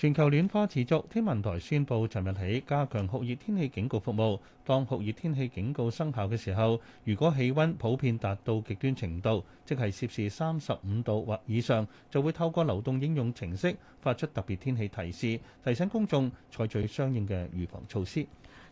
全球暖化持續，天文台宣布，尋日起加強酷熱天氣警告服務。當酷熱天氣警告生效嘅時候，如果氣温普遍達到極端程度，即係攝氏三十五度或以上，就會透過流動應用程式發出特別天氣提示，提醒公眾採取相應嘅預防措施。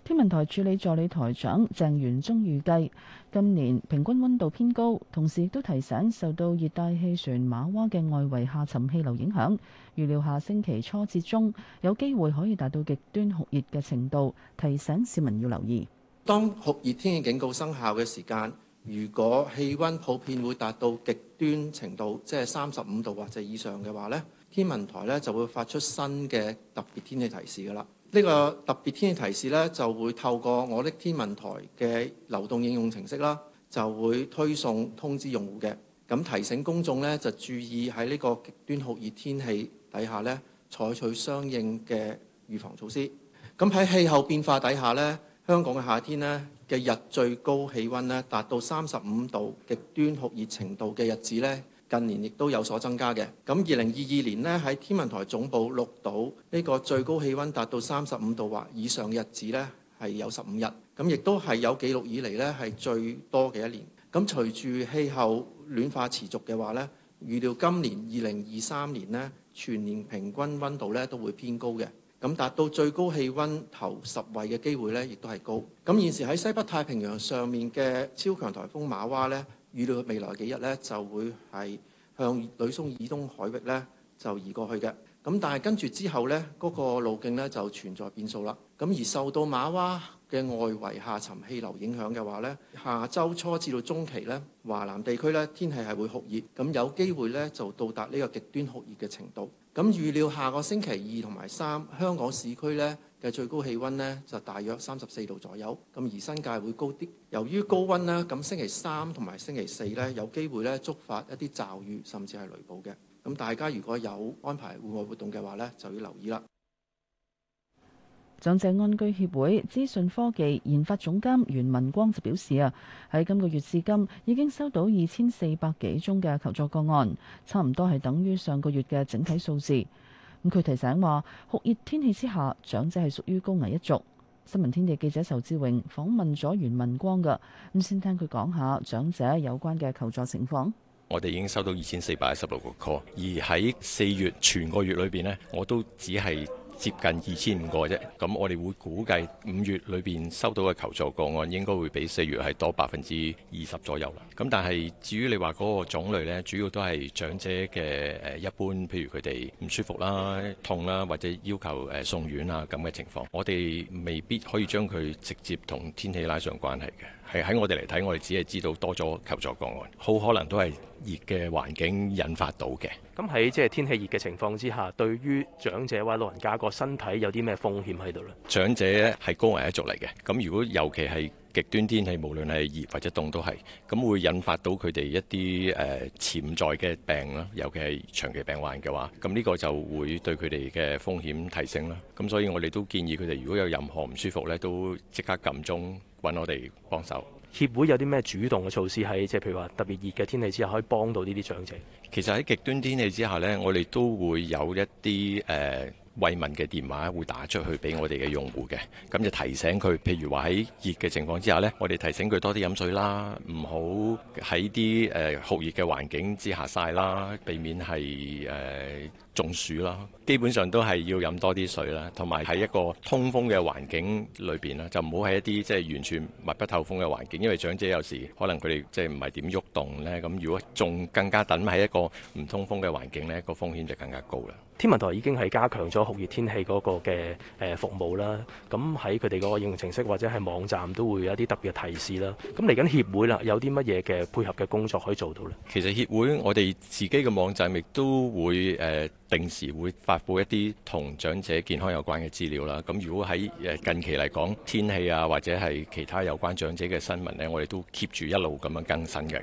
天文台署理助理台長鄭元中預計，今年平均溫度偏高，同時亦都提醒，受到熱帶氣旋馬娃嘅外圍下沉氣流影響，預料下星期初至中，有機會可以達到極端酷熱嘅程度，提醒市民要留意。當酷熱天氣警告生效嘅時間，如果氣溫普遍會達到極端程度，即係三十五度或者以上嘅話呢，天文台咧就會發出新嘅特別天氣提示噶啦。呢個特別天氣提示呢，就會透過我的天文台嘅流動應用程式啦，就會推送通知用戶嘅。咁提醒公眾呢，就注意喺呢個極端酷熱天氣底下呢，採取相應嘅預防措施。咁喺氣候變化底下呢，香港嘅夏天呢嘅日最高氣温呢達到三十五度，極端酷熱程度嘅日子呢。近年亦都有所增加嘅。咁二零二二年呢，喺天文台總部錄到呢個最高氣溫達到三十五度或以上嘅日子呢，係有十五日。咁亦都係有記錄以嚟呢，係最多嘅一年。咁隨住氣候暖化持續嘅話呢，預料今年二零二三年呢，全年平均溫度呢都會偏高嘅。咁達到最高氣溫頭十位嘅機會呢，亦都係高。咁現時喺西北太平洋上面嘅超強颱風瑪娃呢。預料未來幾日咧就會係向呂宋以東海域咧就移過去嘅。咁但係跟住之後咧，嗰個路徑咧就存在變數啦。咁而受到瑪娃嘅外圍下沉氣流影響嘅話咧，下周初至到中期咧，華南地區咧天氣係會酷熱，咁有機會咧就到達呢個極端酷熱嘅程度。咁預料下個星期二同埋三，香港市區咧，嘅最高氣溫呢，就大約三十四度左右，咁而新界會高啲。由於高溫呢，咁星期三同埋星期四呢，有機會呢觸發一啲驟雨，甚至係雷暴嘅。咁大家如果有安排戶外活動嘅話呢，就要留意啦。長者安居協會資訊科技研發總監袁民光就表示啊，喺今個月至今已經收到二千四百幾宗嘅求助個案，差唔多係等於上個月嘅整體數字。咁佢提醒話酷熱天氣之下，長者係屬於高危一族。新聞天地記者仇志榮訪問咗袁民光嘅，咁先聽佢講下長者有關嘅求助情況。我哋已經收到二千四百一十六個 call，而喺四月全個月裏邊呢，我都只係接近二千五個啫，咁我哋會估計五月裏邊收到嘅求助個案應該會比四月係多百分之二十左右啦。咁但係至於你話嗰個種類呢，主要都係長者嘅誒一般，譬如佢哋唔舒服啦、痛啦，或者要求誒送院啊咁嘅情況，我哋未必可以將佢直接同天氣拉上關係嘅。係喺我哋嚟睇，我哋只係知道多咗求助個案，好可能都係熱嘅環境引發到嘅。咁喺即係天氣熱嘅情況之下，對於長者或老人家個身體有啲咩風險喺度呢？長者係高危一族嚟嘅，咁如果尤其係。極端天氣，無論係熱或者凍都係，咁會引發到佢哋一啲誒、呃、潛在嘅病啦，尤其係長期病患嘅話，咁呢個就會對佢哋嘅風險提升啦。咁所以我哋都建議佢哋，如果有任何唔舒服咧，都即刻撳鐘揾我哋幫手。協會有啲咩主動嘅措施喺，即係譬如話特別熱嘅天氣之下可以幫到呢啲長者？其實喺極端天氣之下呢，我哋都會有一啲誒。呃慰問嘅電話會打出去俾我哋嘅用戶嘅，咁就提醒佢，譬如話喺熱嘅情況之下呢，我哋提醒佢多啲飲水啦，唔好喺啲誒酷熱嘅環境之下曬啦，避免係誒、呃、中暑啦。基本上都係要飲多啲水啦，同埋喺一個通風嘅環境裏邊啦，就唔好喺一啲即係完全密不透風嘅環境，因為長者有時可能佢哋即係唔係點喐動呢。咁如果仲更加等喺一個唔通風嘅環境呢，個風險就更加高啦。天文台已經係加強咗酷熱天氣嗰個嘅誒服務啦，咁喺佢哋嗰個應用程式或者係網站都會有一啲特別嘅提示啦。咁嚟緊協會啦，有啲乜嘢嘅配合嘅工作可以做到呢？其實協會我哋自己嘅網站亦都會誒、呃，定時會發布一啲同長者健康有關嘅資料啦。咁如果喺近期嚟講天氣啊，或者係其他有關長者嘅新聞咧，我哋都 keep 住一路咁樣更新嘅。